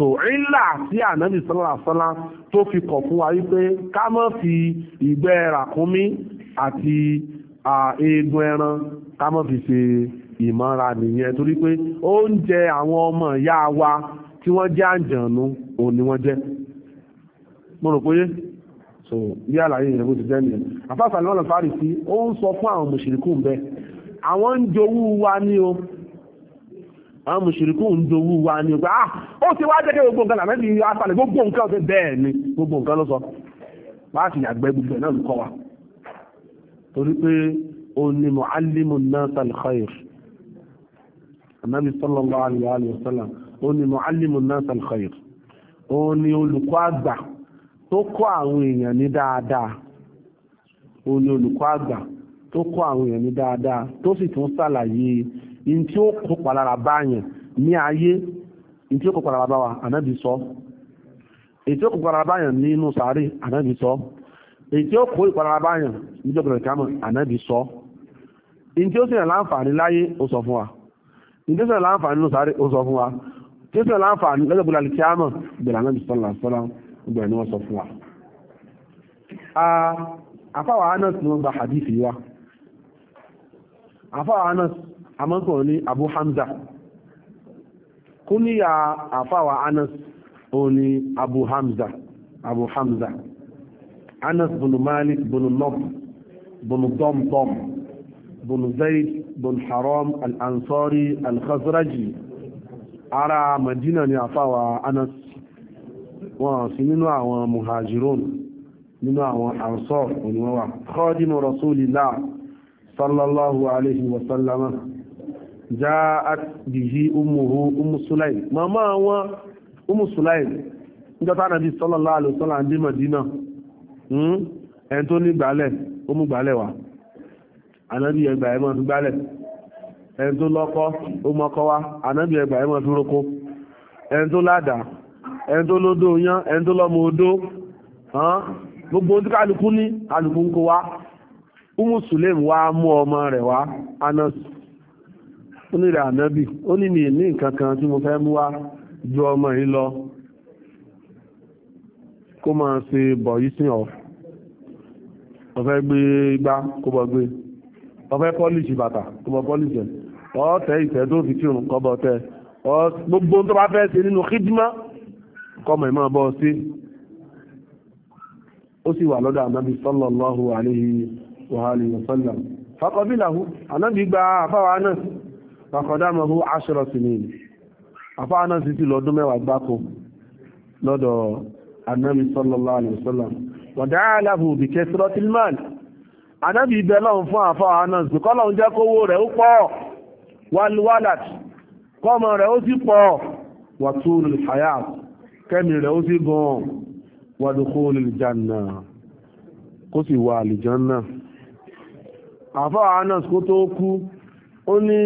so ìlà tí ànábì sọ́lá sọ́lá tó fi kọ̀ fún wa wípé ká má fi ìgbẹ́ ràkúnmí àti eegun ẹran ká má fi ṣe ìmọ̀ra nìyẹn torí pé oúnjẹ àwọn ọmọ ìyá wa tí wọ́n jẹ́ àǹjànú òun ni wọ́n jẹ́ mo rò pé so bí àlàyé yẹn bó ti jẹ́ nìyẹn àfáàfà ni wọ́n lọ fárí sí ó ń sọ fún àwọn mùsùlùkù bẹ́ẹ̀ àwọn ń jowú wa ní o àwọn mùsùlùkù ń dowó wa ni pé ah ó ti wá jẹ́ kí gbogbo nǹkan làmẹ́bí asàlẹ̀ gbogbo nǹkan ọ̀sẹ̀ bẹ́ẹ̀ ni gbogbo nǹkan ló sọ wá sì yàgbẹ́ gbogbo ẹ̀ náà ló kọ́ wa torí pé ó ní muallimu nas al-khair anabi sallallahu alayhi wa sallam ó ní muallimu nas al-khair ó ní olùkọ́ àgbà tó kọ́ àwọn èèyàn ní dáadáa ó ní olùkọ́ àgbà tó kọ́ àwọn èèyàn ní dáadáa tó sì tún ṣàlàyé in tí ó kó palára bá yẹn ní ayé in tí ó kó palára bá wa ànábì sọ èyí tí ó kó palára bá yẹn nínú sàárè ànábì sọ èyí tí ó kó ìpalára bá yẹn níjọ́ bẹ̀rẹ̀ kámọ̀ ànábì sọ in tí ó sì yàn láǹfààní láyé ó sọ fún wa in ó sì láǹfààní nínú sàárè ó sọ fún wa tí ó sì láǹfààní lọ́jọ́ gbọ́dọ̀ àlè kámọ̀ ìbẹ̀rẹ̀ ànábì sọ làǹfààní ìbẹ̀rẹ̀ ni wọ́n sọ fún wa. àfáwà Anas ni wọ́n gba hadith yìí wa àfáwà Anas àmọ́kàn ní Abu Hamza kúníyà àfáwà Anas òní Abu Hamza Abu Hamza Anas bin Malik bin Nob bin Domdom bin Zaid bin Haram al-Ansari al-Khazraji ara Madina ni àfáwà Anas wọ́n sí nínú àwọn muhajirun nínú àwọn ansar òníwọ́wà khadimu rasulillah sallallahu alaihi wasallama ja'at bihi ummuhu ummu sulaim màmá wọn ummu sulaim níjọta nàbí sallallahu alaihi wasallam ní Madina ẹni tó ní gbálẹ̀ ó mú gbálẹ̀ wá ànábì ẹgbà ẹ máa fi gbálẹ̀ ẹni tó lọ́kọ́ ó mọ́kọ́ wá ànábì ẹgbà ẹ máa fi roko ẹni tó ládàá ẹni tó lódó yán ẹni tó lọ́mọ odó gbogbo ohun tí kálukú ní kálukú ń kó wá umu sulaim wa mu omo rẹ̀ wá Anas ó ní ìrà ànábì ó ní mi ní nǹkan kan tí mo fẹ́ mú wá ju ọmọ yìí lọ kó máa ṣe bọ̀ yìí sí ọ ó fẹ́ gbé igbá kó bọ́ gbé ó fẹ́ pọ́lìṣì bàtà kó bọ́ pọ́lìṣì ẹ̀ ó ìtẹ́ tó fi kírun kó bọ́ tẹ gbogbo tó bá fẹ́ ṣe nínú kídímà kọmọ ìmọ̀ bọ́ sí ó sì wà lọ́dọ̀ ànábì sallallahu alaihi wa alihi wa sallam faqabilahu ànábì gba àfáwà náà fàkọ̀dámọ̀hú aṣọ́rọ̀ sí ni àfáà náà sì ti lọ́dún mẹ́wàá gbáko lọ́dọ̀ anábì sallallahu alaihi wasallam wọ̀dáyà aláàbò bìkẹ́ sọ́tìlmán anábì ibẹ̀ lọ́hùn fún àfáà náà sì kọ́ lọ́hùn jẹ́ kówó rẹ̀ ó pọ̀ wàlúwàlàt kọ́mọ rẹ̀ ó sì pọ̀ wàtúrù hayat kẹ́mi rẹ̀ ó sì gan wàdùkúrù janna kó sì wà àlìjanna àfáà náà kó tó kú ó ní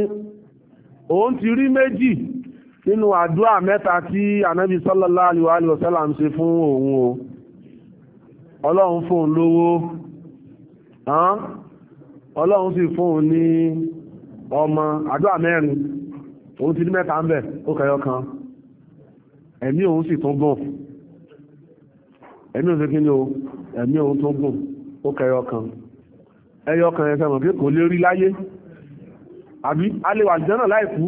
òun ti rí méjì nínú àdúrà mẹ́ta tí ànábì sallallahu alaihi wasallam ṣe fún òun o ọlọ́run fóun lówó ọlọ́run sì fóun ní ọmọ àdúrà mẹ́rin òun ti ní mẹ́ta ń bẹ̀ ó kẹyọ kan ẹ̀mí òun sì tún gùn ẹ̀mí òun sì kí ni o ẹ̀mí òun tún gùn ó kẹyọ kan ẹyọ kan ẹ̀fẹ́ mọ̀ pé kò lè rí láyé àbí a lè wà jẹ́nà láì kú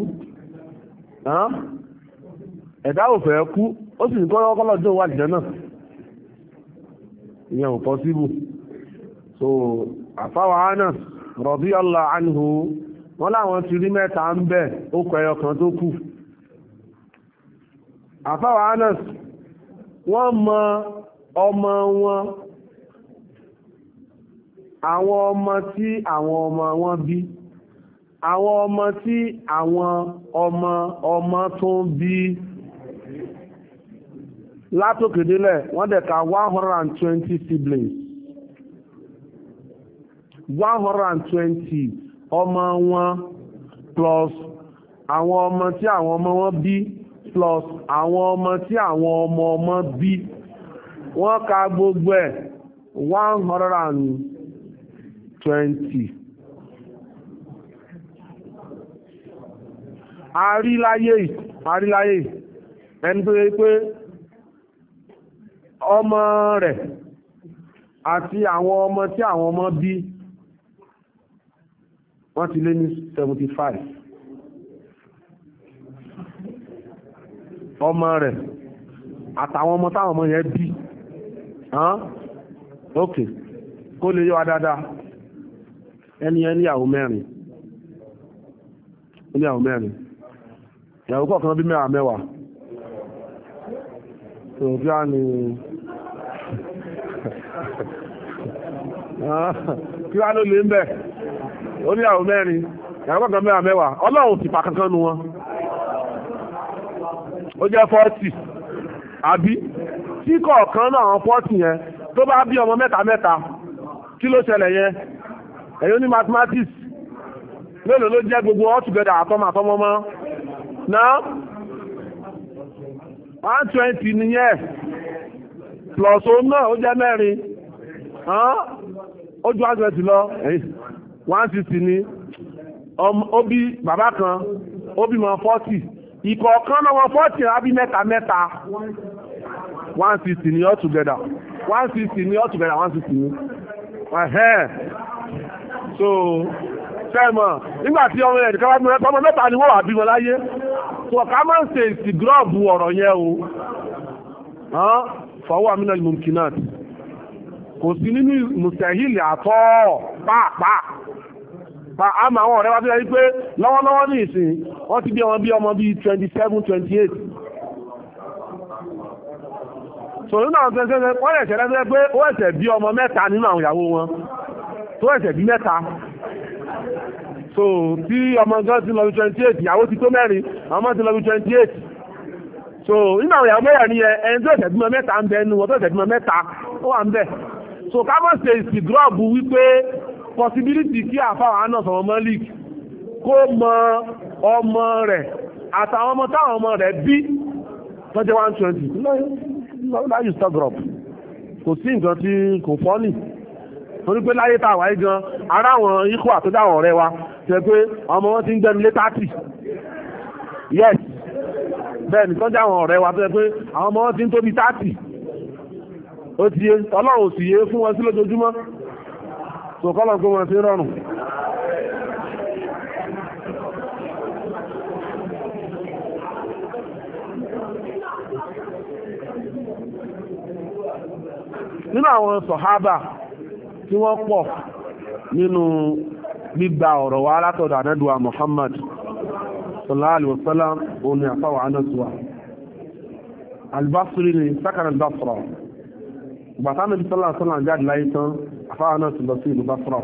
ẹ̀dá ò fẹ́ kú ó sì ní kọ́lọ́ kọ́lọ́ jọ wà jẹ́nà ìyẹn ò pọ́síbù so àfáwà hánà rọ̀bí ọlá àníhù wọ́n láwọn ti rí mẹ́ta ń bẹ̀ ó kọ ẹyọ kan tó kù àfáwà hánà wọ́n mọ ọmọ wọn àwọn ọmọ tí àwọn ọmọ wọn bí àwọn ọmọ tí àwọn ọmọ ọmọ tó ń bí látòkèdélẹ̀ wọ́n dẹ̀ ka one hundred and twenty siblings one hundred and twenty ọmọ wọn plus àwọn ọmọ tí àwọn ọmọ wọn bí plus àwọn ọmọ tí àwọn ọmọ ọmọ bí wọ́n ka gbogbo ẹ̀ one hundred and twenty. àríláyé àríláyé ẹni tó yẹ pé ọmọ rẹ̀ àti àwọn ọmọ tí àwọn ọmọ bí wọ́n ti lé ní 75 ọmọ rẹ̀ àtàwọn ọmọ táwọn ọmọ yẹn bí ok kó lè yíwa dáadáa ẹni ẹni àwọn mẹ́rin ìyàwó kọ̀ọ̀kan bí mẹ́wàá mẹ́wàá tó bí a ní kí wá ló lè ń bẹ̀ ni ní àwọn mẹ́rin ìyàwó kọ̀ọ̀kan ti pa kankan nu wọn ó jẹ́ fọ́ọ̀tì àbí tí kọ̀ọ̀kan náà àwọn fọ́ọ̀tì yẹn tó bá bí ọmọ mẹ́ta mẹ́ta kí ló ṣẹlẹ̀ yẹn mathematics gbogbo all together àtọ́mọ náà one twenty nìyẹn plus òun náà ó jẹ́ mẹ́rin ó ju one twenty lọ one sixty ni ó bí bàbá kan ó bímọ forty ìkọ̀ọ̀kan náà wọn forty àbí mẹ́ta mẹ́ta one sixty ni all together one sixty ni all together one sixty ni so sẹ́mọ̀ nígbà tí ọmọ ẹ̀dùn kan wá bí wọn tọmọ mẹ́ta ni wọ́n wà bímọ láyé tó ká máa ń ṣe ìsìgírọ́ọ̀bù ọ̀rọ̀ yẹn o fọwọ́ àmì náà mumkinat kò sí nínú mùsàhílì àtọ́ pàápàá pa àmà àwọn ọ̀rẹ́ wa tó yẹ pé lọ́wọ́lọ́wọ́ ní ìsìn wọ́n ti bí ọmọ bí ọmọ bíi twenty seven twenty eight sòrí náà tó ṣe wọ́n ẹ̀ṣẹ̀ lẹ́sẹ̀ pé ó ẹ̀ṣẹ̀ bí ọmọ mẹ́ta nínú àwọn ìyàwó wọn tó ẹ̀ṣẹ̀ bí mẹ́ta so tí ọmọ gan ti lọ bí twenty eight ìyàwó ti tó mẹ́rin ọmọ ti lọ bí twenty eight so nínú àwọn ìyàwó mẹ́rin ni ẹni tó ìṣẹ̀dúnmọ́ mẹ́ta ń bẹ ẹnu wọ́n tó ìṣẹ̀dúnmọ́ mẹ́ta ó wà ń bẹ̀ so kábọ̀ ṣe ìsìgírọ́ọ̀bù wípé possibility kí àfáwọn àna sọ̀rọ̀ mọ́ league kó mọ ọmọ rẹ̀ àtàwọn ọmọ táwọn ọmọ rẹ̀ bí tọ́jẹ́ one twenty láyé instagram kò sí nǹkan tí kò fọ́ nì torí pé láyé tá a wáyé gan ara àwọn ikú àtọ́jà ọ̀rẹ́ wa ṣe pé ọmọ wọn ti ń gbẹnu lé tààtì yes bẹ́ẹ̀ nìkan jẹ́ àwọn ọ̀rẹ́ wa tó yẹ pé àwọn ọmọ wọn ti ń tóbi tààtì ó ti yé ọlọ́run ò sì yé fún wọn sí lójoojúmọ́ sòkọ́lọ̀ kó wọn sí rọrùn nínú àwọn sọ̀hábà tí wọ́n pọ̀ nínú gbígba ọ̀rọ̀ wa látọ̀dọ̀ ànádùwà Muhammad sallallahu alaihi wasallam òun ni àfáwà ànádùwà albasiri ni sákàrà albasra gbàtánà bisalà sọ́nà jáde láyé tán àfáwà náà ti lọ sí ìlú basra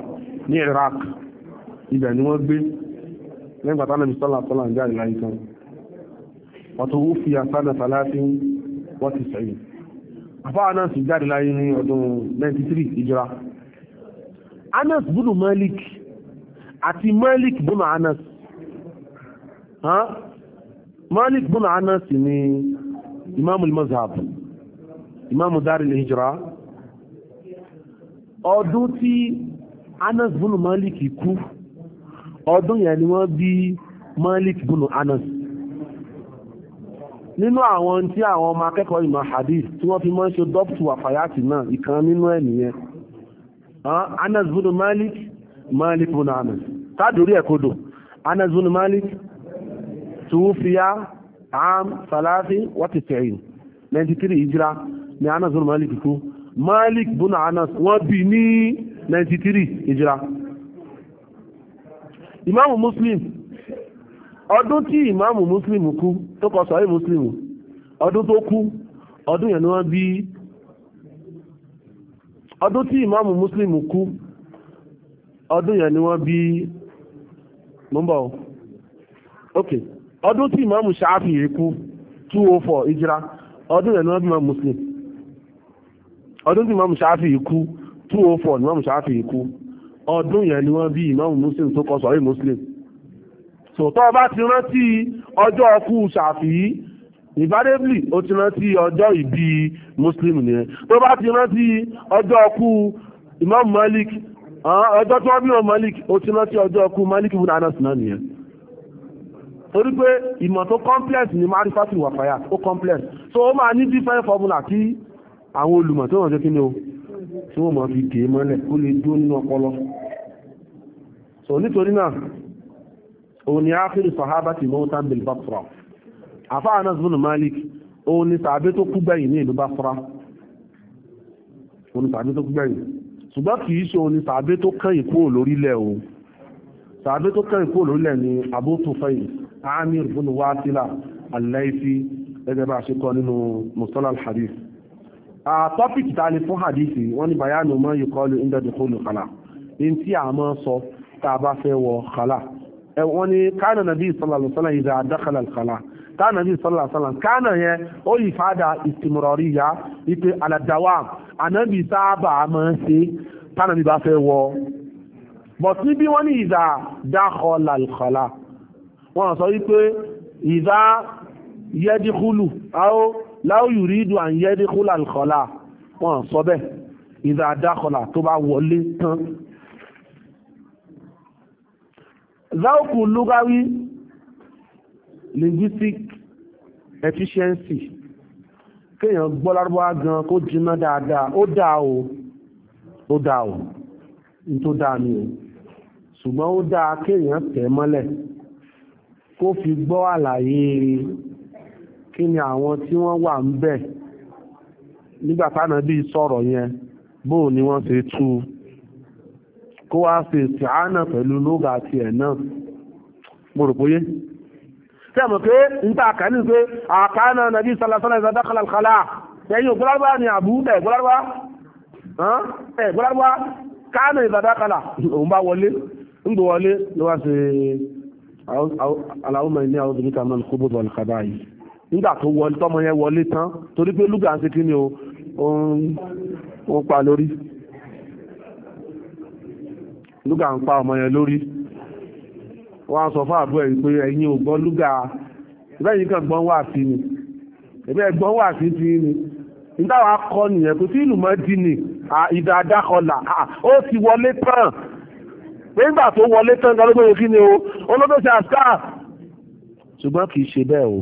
ní Iraq ibẹ̀ ni wọ́n gbé lẹ́yìn gbàtánà bisalà sọ́nà jáde láyé tán wàtò wú fi àsánà tàláfí wọ́n ti sẹ́yìn àfáwà náà jáde láyé ní ọdún 93 ìjọra Anas budu Malik àti Malik bùnà Anas Malik bùnà Anas ni imamu mazhab imamu dari al-hijra ọdún tí Anas bùnà Malik kú ọdún yẹn ni wọ́n bí Malik bùnà Anas nínú àwọn tí àwọn ọmọ akẹ́kọ̀ọ́ ìmọ̀ hadith tí wọ́n fi mọ́ ṣe dọ́pù àfàyàtì náà ìkan nínú ẹ̀ nìyẹn Anas bùnà Malik malik bin anas tádórí ẹ̀kodò anas bin malik tuwufiya am salafi wati tẹ̀yìn 93 hijira ni anas bin malik kú malik bin anas wọ́n bí ní 93 hijira ìmáàmù muslim ọdún tí ìmáàmù muslim kú tó kọ sọ̀rọ̀ muslim ọdún tó kú ọdún yẹn ni wọ́n bí ọdún tí ìmáàmù muslim kú ọdún yẹn ni wọ́n bí múmbọ̀ ok ọdún tí ìmọ̀mù ṣááfì ikú 204 ìjìrá ọdún yẹn ni wọ́n bí mọ̀mù muslim ọdún tí ìmọ̀mù ṣááfì ikú 204 ni mọ̀mù ṣááfì ikú ọdún yẹn ni wọ́n bí ìmọ̀mù muslim tó kọ sọ̀rí muslim so tó bá ti rántí ọjọ́ ọkú ṣàfì invariably ó ti rántí ọjọ́ ìbí muslim nìyẹn tó bá ti rántí ọjọ́ ọkú imam malik ọjọ́ ah, tí wọ́n bí wọn Malik ó ti rántí ọjọ́ ọkú Malik ibùdó Anas náà nìyẹn torí pé ìmọ̀ tó complex ni marifatu wàfàyà ó complex so ó máa ní different formula tí àwọn olùmọ̀ tó wọ́n jẹ́ kí o tí wọ́n máa fi dè é e mọ́lẹ̀ ó lè dúró nínú ọpọlọ so nítorí náà òun ni áfírí sọ̀hábà ti mọ́ta ń bèèrè Basra àfá Anas ibn Malik òun ni sàbẹ́ tó kú gbẹ̀yìn ní ìlú Basra òun ni sàbẹ́ tó kú gbẹ̀yìn ṣùgbọ́n kì í ṣe òní tàbí tó kẹ́yìn kúrò lórílẹ̀ o tàbí tó kẹ́yìn kúrò lórílẹ̀ ni Abu Tufayl Amir bin Wasila al-Laythi gẹ́gẹ́ bá ṣe kọ nínú musola al-hadith topic tani fún hadith wọ́n ní bayanu mọ́ yìí kọ́lu inda dukhulu khala in tí a mọ́ sọ tá a bá fẹ́ wọ khala wọ́n ní kánà nàbí sallallahu alaihi wasallam idha dakhala al tánàbí sọ́là sọ́là kánà yẹn ó yí fada ìtìmọ̀rọ̀rí ya wípé alàdáwà ànábì sábà máa ń ṣe tánàbí bá fẹ́ wọ bọ̀t níbi wọ́n ní ìdá dákọ̀ làlùkọ̀lá wọ́n sọ wípé ìdá yẹ́díkúlù áó láòyù rídù àn yẹ́díkúlù àlùkọ̀lá wọ́n sọ bẹ́ẹ̀ ìdá dákọ̀lá tó bá wọlé tán záòkù lúgáwí linguistic efficiency kéèyàn gbọ́ lárúbáwá gan kó jiná dáadáa ó dáa o ó dáa o ní tó dáa ni o ṣùgbọ́n ó dáa kéèyàn tẹ̀ mọ́lẹ̀ kó fi gbọ́ àlàyé kí ni àwọn tí wọ́n wà ń bẹ̀ nígbà táwọn bí sọ̀rọ̀ yẹn bóò ni wọ́n ṣe tú kó wá ṣe ìsìáánà pẹ̀lú lóga tiẹ̀ náà mo rò pé tí a mọ̀ pé ń ta àkà ní pé àkànà nàbí sàlásánà ìsàdákàlà kàlà ẹ̀yìn ògbólárúbá ni àbú ẹ̀ gbólárúbá kánà ìsàdákàlà òun bá wọlé ń gbò wọlé ló wá sí aláwọ̀mọ̀ ní àwọn obìnrin kan náà kó bóbọ̀ nìkàbá yìí nígbà tó wọlé tọmọ yẹn wọlé tán torí pé lúgà ń kí ni ó ń pa lórí lúgà ń pa ọmọ yẹn lórí wọ́n á sọ fún àbúrò yìí pé ẹ̀yin ò gbọ́ lúgà ìbẹ́ yìí kan gbọ́n wà sí ni ìbẹ́ gbọ́n wà sí ti ni nígbà wàá kọ́ nìyẹn kò sí ìlú mọ́ di ni ìdá àdákọlà ó ti wọlé tán nígbà tó wọlé tán gan lóko kí ni o olódò ṣe àṣà ṣùgbọ́n kì í ṣe bẹ́ẹ̀ o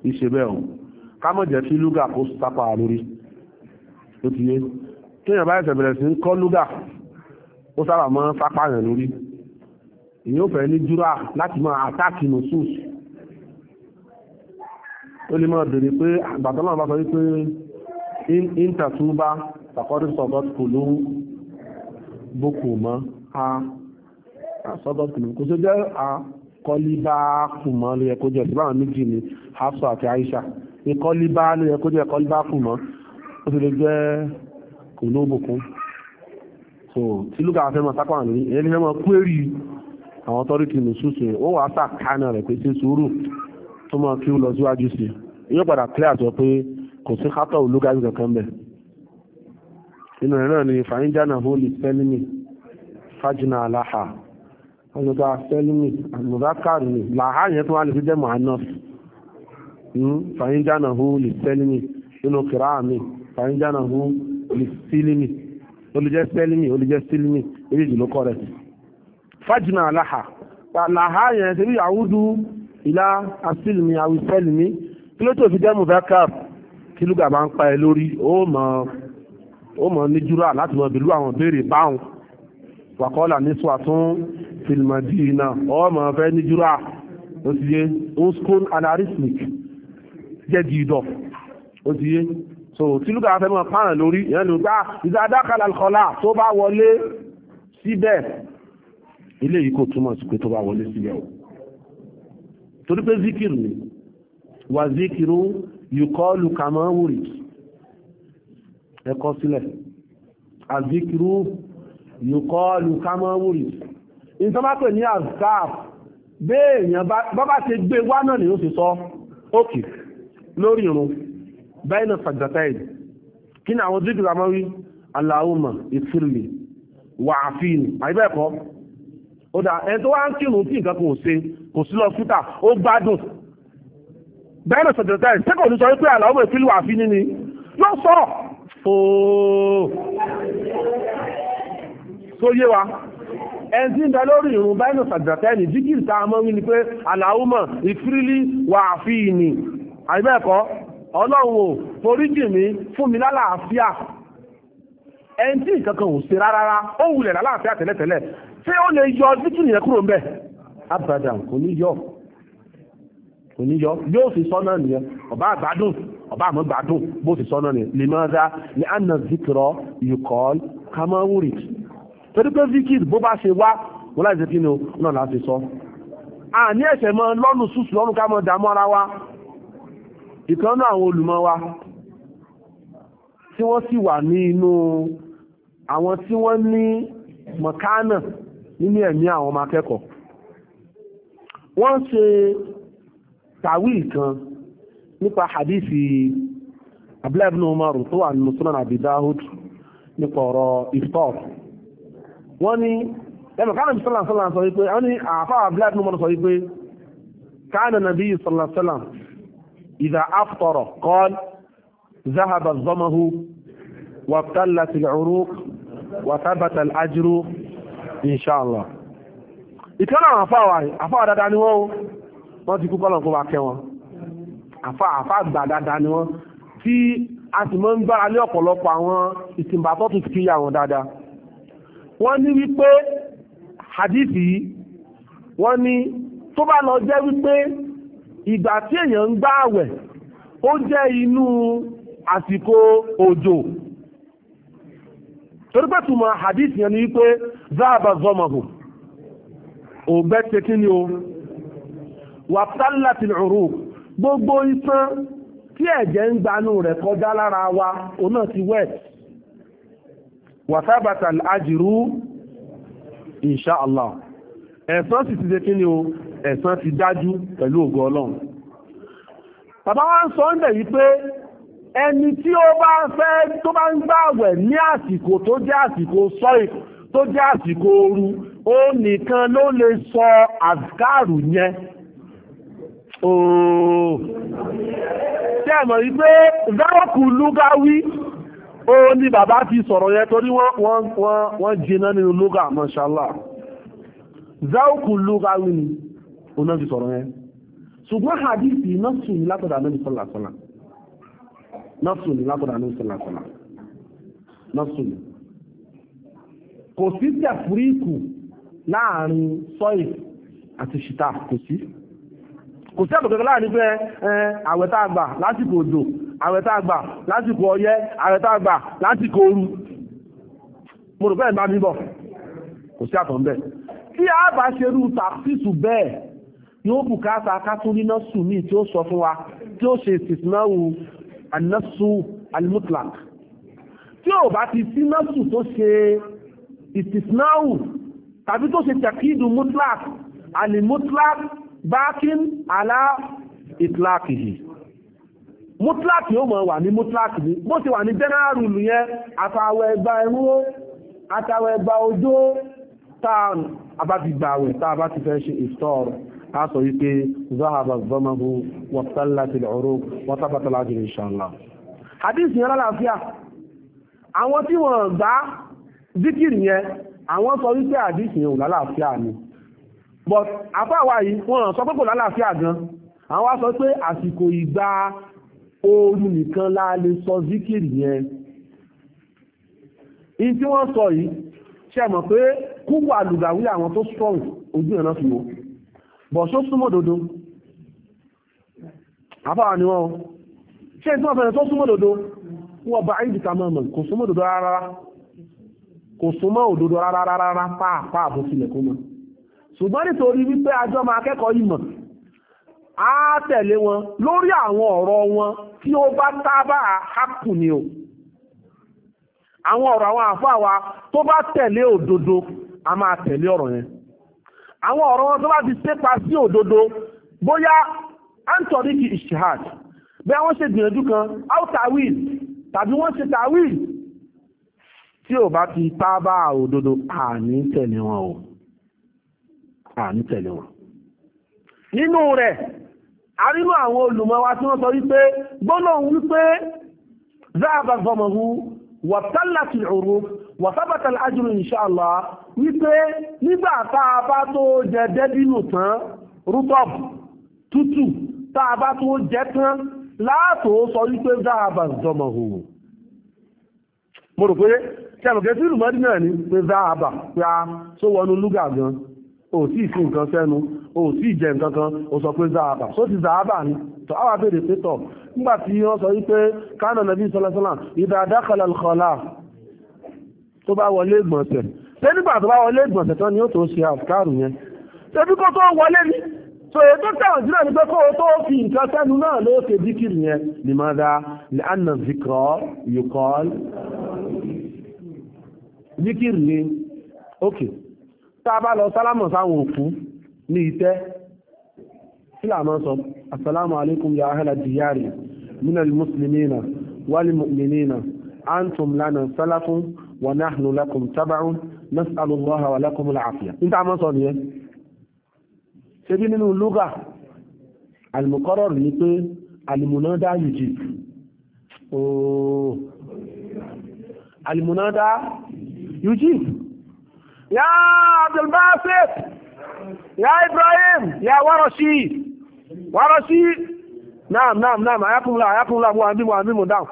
kì í ṣe bẹ́ẹ̀ o ká mọ̀ jẹ́ sí lúgà kó sápá lórí ó ti yé kéèyàn bá ẹsẹ̀ bẹ̀rẹ̀ sí ń kọ́ lúgà ó sábà máa ń sápá yẹn lórí èyàn fẹ́ ní júrà láti máa àtàkì nusus ó lè máa bèèrè pé àgbàdánlá bá sọ wípé intatuba takọ́dé sọ́dọ̀t kò ló bókò mọ́ a sọ́dọ̀t kò ló kò tó jẹ́ a kọ́líbá ló yẹ kó jẹ́ ìdíbà méjì ni Hafsa àti Aisha ní kọ́líbá ló yẹ kó jẹ́ kọ́líbá kù mọ́ ó ti lè jẹ́ kò ló bókò so tí lúgà fẹ́ mọ́ sápá lórí èyí fẹ́ mọ́ kúérì àwọn tọ́rìkì nùsùsù ó wàá sàkánà rẹ̀ pé sí sùúrù tó máa kí ó lọ síwájú sí i yóò padà clear àtọ pé kò sí kátọ̀ olúgájú kankan bẹ̀. inú rẹ̀ náà ni fàyínjánà holy sẹ́límì fájínà aláha ọjọ́gbà sẹ́límì àmùdákàrù ni làhá yẹn tó wà lè fi jẹ́ mohanus hmm, fàyínjánà holy sẹ́límì nínú kìrá mi fàyínjánà holy sílímì olùjẹ́ sẹ́límì olùjẹ́ sílímì méjèèjì ló kọ́ rẹ̀ sí fájìmà àláhà làhá yẹn ṣe bí àwùdú ìlà asílmi àwùsẹ́lmi kí ló tó fi dẹ́mù backup kí lúgà bá ń pa ẹ lórí ó mọ̀ ó mọ̀ ní júrà láti mọ̀ bìlú àwọn béèrè báwọn wàkọ́là ní swatún fìlmàdínà ó mọ̀ fẹ́ ní júrà ó ti yé uskun anarismic jẹ́ gìdọ̀ ó ti yé so tí lúgà fẹ́ mọ̀ pààrọ̀ lórí ìyẹn ló gbá ìdádákàlà kọlà tó bá wọlé síbẹ̀ eléyìí kò túmọ̀ sí pé tó bá wọlé sílẹ̀ o torí pé zikiru ni wà zikiru yukọ́ọ̀lù kàmọ́ wùrì ẹ̀kọ́ sílẹ̀ àzikiru yukọ́ọ̀lù kàmọ́ wùrì ìtọ́bápẹ̀ ní azkar béèyàn bábá ṣe gbé wá náà ni ó sì sọ òkè lórí irun bẹ́ẹ̀nà fàgbàtàìdì kí ni àwọn zikiru àmọ́wí Allahumma ìfìrìlì wà àfihàn ó dà ẹni tó wá ń kírun tí nǹkan kò ṣe kò sí lọ síta ó gbádùn bẹ́ẹ̀ náà sọ̀tẹ̀ tẹ́lẹ̀ tẹ́kọ̀ọ́ ní sọ wípé àlàó bẹ̀ fílù àfi níní yóò sọ̀rọ̀ tó yé wa ẹni tí ń bẹ lórí ìrùn bẹ́ẹ̀ náà sọ̀tẹ̀ tẹ́lẹ̀ dígìrì tá mọ́ wí ni pé àlàó mọ̀ ìfírílì wà àfi ìní àìbẹ́ẹ̀kọ́ ọlọ́run ò foríjì mi fún mi lálàáfíà ẹni tí nǹkan kan ò ṣe rárá ó wulẹ̀ lálàáfíà tẹ́lẹ̀tẹ́lẹ̀ ṣé ó lè yọ bítìrì yẹn kúrò mbẹ abadan kò ní yọ kò ní yọ bí ó sì sọ náà nìyẹn ọba àgbádùn ọba àmọ́ gbádùn bó sì sọ náà nìyẹn lè máa dá ní anna zikirọ yukọl kamawuri torí pé zikir bó bá ṣe wá wọn láì ṣe kí ni ó náà láti sọ àní ẹ̀ṣẹ̀ mọ lọ́nù sùsù lọ́nù ká mọ dààmú ara wa ìkan náà àwọn olùmọ̀ wa tí wọ́n sì wà ní inú àwọn tí wọ́n ní mọ̀kánà nínú ẹ̀mí àwọn ọmọ akẹ́kọ̀ọ́ wọ́n ṣe tàwíì kan nípa hadithi abdullahi ibn umar tó wà nínú sunan abi dahud nípa ọ̀rọ̀ iftar wọ́n ní ẹnu káàdà bí sọ wípé wọ́n ní àfáà abdullahi ibn sọ wípé káàdà nàbí sọ́lá ìdá aftọ̀rọ̀ kọ́l ذهب الظمه وابتلت العروق وثبت الأجر inṣàlá ìkánà àfáwà àfáwà dáadáa ni wọ́n wọ́n ti kú kọ́lọ̀ kó wa kẹ́ wọn àfáà gbà dáadáa ni wọ́n tí a sì mọ́ ń gbára lé ọ̀pọ̀lọpọ̀ àwọn ìtìmbàtọ́ tó fi àwọn dáadáa wọ́n ní wípé hadith wọ́n ní tó bá lọ jẹ́ wípé ìgbà tí èèyàn ń gbá àwẹ̀ ó jẹ́ inú àsìkò òjò torí pé túmọ̀ hadith yẹn ni wípé záàbà zọmọ̀hù ògbẹ́ ti kí ni o wàtálà ti rò gbogbo iṣan tí ẹ̀jẹ̀ ń gbanú rẹ̀ kọjá lára wa òun náà ti wẹ̀ wàtábàtà àjìrú inṣáàlá ẹ̀san sì ti ṣe kí ni o ẹ̀san ti dájú pẹ̀lú ògo ọlọ́run bàbá wa ń sọ ń bẹ̀ yí pé ẹni tí ó bá fẹ́ tó bá ń gbààwẹ̀ ní àsìkò tó jẹ́ àsìkò sọ́ì tó jẹ́ àsìkò ooru ó nìkan ló lè sọ àzkárù yẹn ooo tẹ́ẹ̀mọ̀ wípé záwọ́kù lúgáwí ó ní bàbá ti sọ̀rọ̀ yẹn torí wọ́n jiná nínú lúgà mọ́ṣálà záwọ́kù lúgáwí ni ó náà ti sọ̀rọ̀ yẹn ṣùgbọ́n hadith iná sùn ní látọ̀dà mẹ́rin sọ́là sọ́là nọ́ọ̀sù ni látọ̀dà ní ìṣẹ̀lẹ̀sọ̀lá nọ́ọ̀sù ni kò sí tẹ̀fúríkù láàrin sọ́ì àti ṣìta kò sí kò sí àtọ̀kẹ́kẹ́ láàrin pé àwẹ̀ tá a gbà lásìkò òjò àwẹ̀ tá a gbà lásìkò ọyẹ́ àwẹ̀ tá a gbà lásìkò ooru mo rò bẹ́ẹ̀ bá mi bọ̀ kò sí àtọ̀ bẹ́ẹ̀ tí a bá ṣerú tàkìsù bẹ́ẹ̀ yóò bùkátà kátó níná sùn mí tí ó sọ fún wa tí ó ṣe ìsìsìnáwó anásù almutlak tí ò bá ti sí násù tó ṣe ìtìsnáwù tàbí tó ṣe tàkídù mutlak alimutlak bákin alá ìtlákìhì mutlak yóò mọ̀ wà ní mutlak ní bó ti wà ní general rule yẹn àtàwẹ̀ ẹgbà ẹ̀rún àtàwẹ̀ ẹgbà ojó tàà àbá ti gbàwẹ̀ tàà bá ti fẹ́ ṣe ìfẹ́ a sọ wípé zahaba zamahu wasalati al'uruq wa tabata al'ajr inshallah hadith yẹn lálàáfíà àwọn tí wọ́n gbà zikiri yẹn àwọn sọ wípé hadith yẹn ò lálàáfíà ni but àfáàwà yìí wọ́n sọ pé kò lálàáfíà gan àwọn sọ pé àsìkò ìgbà ooru nìkan la lè sọ zikiri yẹn in tí wọ́n sọ yìí ṣe mọ̀ pé kúwà lùgbàwí àwọn tó strong ojú ẹ̀nà fi wọ́n bọ̀ súnmọ́ dodo àfáà ni wọ́n ṣe tí wọ́n tó súnmọ́ dodo wọ́n bá ìdí tamaman kò súnmọ́ dodo rárá kò súnmọ́ òdodo rárá rárá pàápàá bó tilẹ̀ kó mọ́ ṣùgbọ́n nítorí wípé àjọ máa kẹ́kọ̀ọ́ ìmọ̀ á tẹ̀lé wọn lórí àwọn ọ̀rọ̀ wọn tí ó bá tábà hákù ni o àwọn ọ̀rọ̀ àwọn àfáà wa tó bá tẹ̀lé òdodo a máa tẹ̀lé ọ̀rọ̀ yẹn àwọn ọ̀rọ̀ wọn tó bá ti sépa sí òdodo bóyá anthony di ishihad bẹ́ẹ̀ wọ́n ṣe gbìyànjú kan outawil tàbí wọ́n ṣe tawil tí ò bá ti tábà òdodo àní tẹ̀lé wọn o àní tẹ̀lé wọn nínú rẹ̀ arínú àwọn olùmọ̀ wa tí wọ́n sọ wípé gbọ́nà wípé záàbà fọmọ̀hu wọ̀tálà ti òru wàsábàtà ajúrù ìṣàlá wípé nígbà tá a bá tó jẹ dẹ́bínù tán rútọ́p tútù tá a bá tó jẹ tán láàtò sọ wípé záàbà zọmọ̀ hù mo rò pé kẹlùkẹ́ sí ìrùmọ́dí náà ni pé záàbà pé a tó wọnú lúgà gan ò sí ìfi nǹkan sẹ́nu ò sí ìjẹ nǹkan kan O sọ pé záàbà só ti záàbà ni tọ́ àwà bèèrè pé tọ̀ nígbà tí wọ́n sọ wípé kánà nàbí sọlọ́sọ́lá ìdá dákàlà kọlá tó bá wọlé ìgbọ̀nsẹ̀ ṣé nígbà tó bá wọlé ìgbọ̀nsẹ̀ tán ni ó tó ṣe àfikàrù yẹn ṣé bí kó tó wọlé ni so èyí tó tẹ̀wọ̀n sílẹ̀ ni pé kó o tó fi nǹkan sẹ́nu náà ló ṣe díkìrì yẹn ni máa da ní anna zikọ́ yukọ́l díkìrì ni ok tá a bá lọ sálámọ̀ sáwọn òkú ní ìtẹ́ sílà máa sọ assalamu alaikum ya ahla diyari minal muslimina wal mu'minina antum lana salafun wa nahnu lakum tab'un nas'alu Allaha wa lakum al-'afiya níta mọ́ sọ nìyẹn ṣe bí nínú lúgà al-muqarrar ni pé al-munada yujib ooo al-munada yujib ya Abdul Basit ya Ibrahim ya Warashi Warashi naam naam naam ayakunla ayakunla wọ́n àbí wọ́n àbí mo dáhùn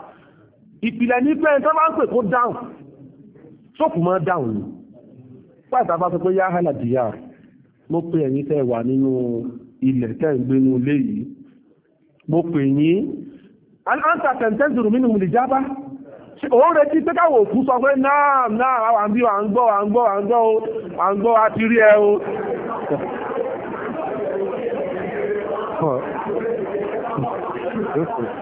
ìpìlẹ̀ ní pé ẹni tó bá ń pè kó dáhùn sókù mọ́ dáhùn ní pàtàkì bá sọ pé yá hàlà dìyà mo pe ẹ̀yin tẹ́ wà nínú ilẹ̀ tẹ́ ń gbé nínú ilé yìí mo pè yín ansa tẹ̀ntẹ́sìrò mí nìmú ìjábá òun retí pé káwọ̀ òkú sọ pé náà náà wà ń bí wà ń gbọ́ wà ń gbọ́ wà ń gbọ́ wà ń gbọ́ wà ti rí ẹ o Thank you.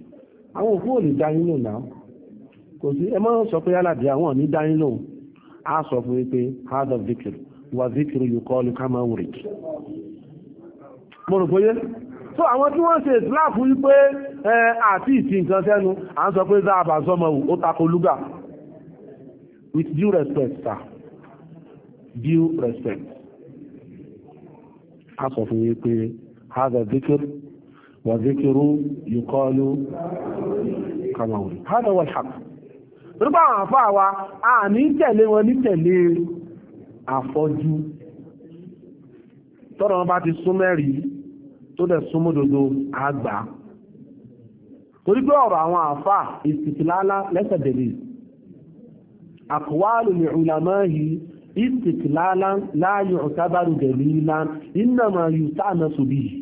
àwọn òfin ò ní dáyín lò náà kò sí ẹ máa ń sọ pé aládìí àwọn ò ní dáyín lò á sọ fún yín pé hard of victory wà victory you kọ́ lu kámá wùrìk mo rò so àwọn tí wọ́n ṣe ìsìláàfù wípé ẹ àti ìtì nǹkan sẹ́nu à ń sọ pé záàbà sọmọ ó tako lúgà with due respect sir due respect a sọ fún yín pé hard of victory وذكر يقال كما كمول هذا هو الحق ربما àfáàwà a ní tẹ̀lé wọn ní tẹ̀lé àfọ́jú tọ́rọ wọn bá ti súnmẹ́rí tó dẹ̀ súnmọ́dodo àgbà torí pé ọ̀rọ̀ àwọn àfá ìsìtìlálá lẹ́sẹ̀dẹ̀lẹ̀ àkọwàlù ní ìrìnàmáhì ìsìtìlálá láàyò ọ̀tábàrù dẹ̀lẹ̀ ìlànà ìnàmà yìí sáà náà sóbí yìí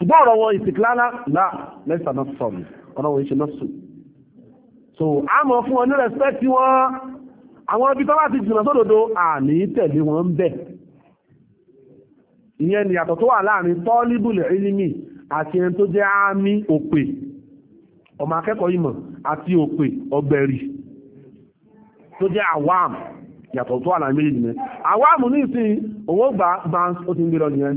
ṣùgbọ́n ọ̀rọ̀ wọn ìsìnkìlára là lẹ́sà náà sọ̀rọ̀ ọ̀rọ̀ wọn ìṣe náà sùn so a mọ̀ fún wọn ní rẹ̀spẹ́tì wọn àwọn ibi tó bá ti jìnnà sódodo àní tẹ̀lé wọn ń bẹ̀ ìyẹn ni yàtọ̀ tó wà láàrin tọ́líbùlẹ̀ ìlímì àti ẹni tó jẹ́ àmì òpè ọmọ akẹ́kọ̀ọ́ ìmọ̀ àti òpè ọgbẹ̀rì tó jẹ́ àwàm yàtọ̀ tó wà láàrin méjì nìyẹn àwàm ní ìsìn owó gbà gbà ó ti ń gbé lọ nìyẹn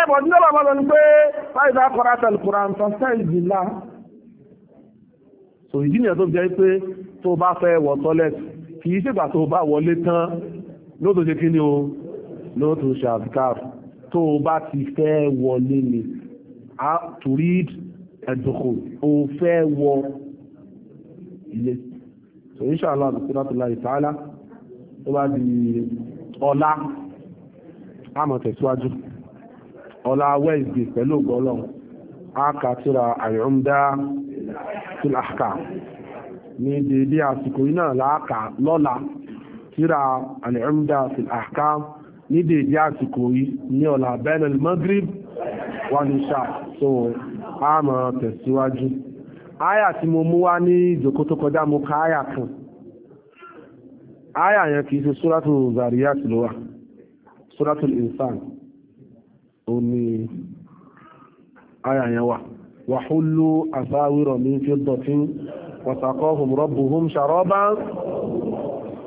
ẹ̀bọ̀ tí lọ́wọ́ bọ́lọ́ ní pé láìsá kọ́ra tẹ̀lé kura nǹkan sẹ́ẹ̀dì ńlá so ìdí nìyẹn tó jẹ́ pé tó bá fẹ́ wọ tọ́lẹ̀tì kì í ṣègbà tó bá wọlé tán lóòótọ́ ṣe kí ni o lóòótọ́ ṣe àbíkàr tó bá ti fẹ́ wọlé ni a to read ẹ̀dùnkù o fẹ́ wọ ilé so inṣàlá àbùkù láti láì tààlà tó bá di ọ̀la àmọ̀ tẹ̀síwájú ọ̀la wẹ́ẹ̀sì pẹ̀lú gọ́lọ́n akàtúra àyọ̀mdá tìlàkà ní dédé àsìkò iná láàkà lọ́la tíra àyọ̀mdá tìlàkà ní dédé àsìkò yìí ní ọ̀la benel magrib wà ní sá so a mọ̀ tẹ̀síwájú áyà tí mo mú wá ní ìjòkó tó kọjá mo ka áyà kan áyà yẹn kì ṣe sóràtù zariyat ló wà sóràtù ó ní àyà yẹn wà wàhúlú àsáwírọ̀ ní fi dọ̀tí wàtàkọ́hùn rọ́bùhùn ṣàrọ́bá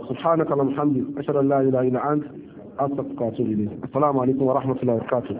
subhanakallahu hamdi ashhadu an la ilaha illa anta astaghfiruka wa atubu ilayk assalamu alaikum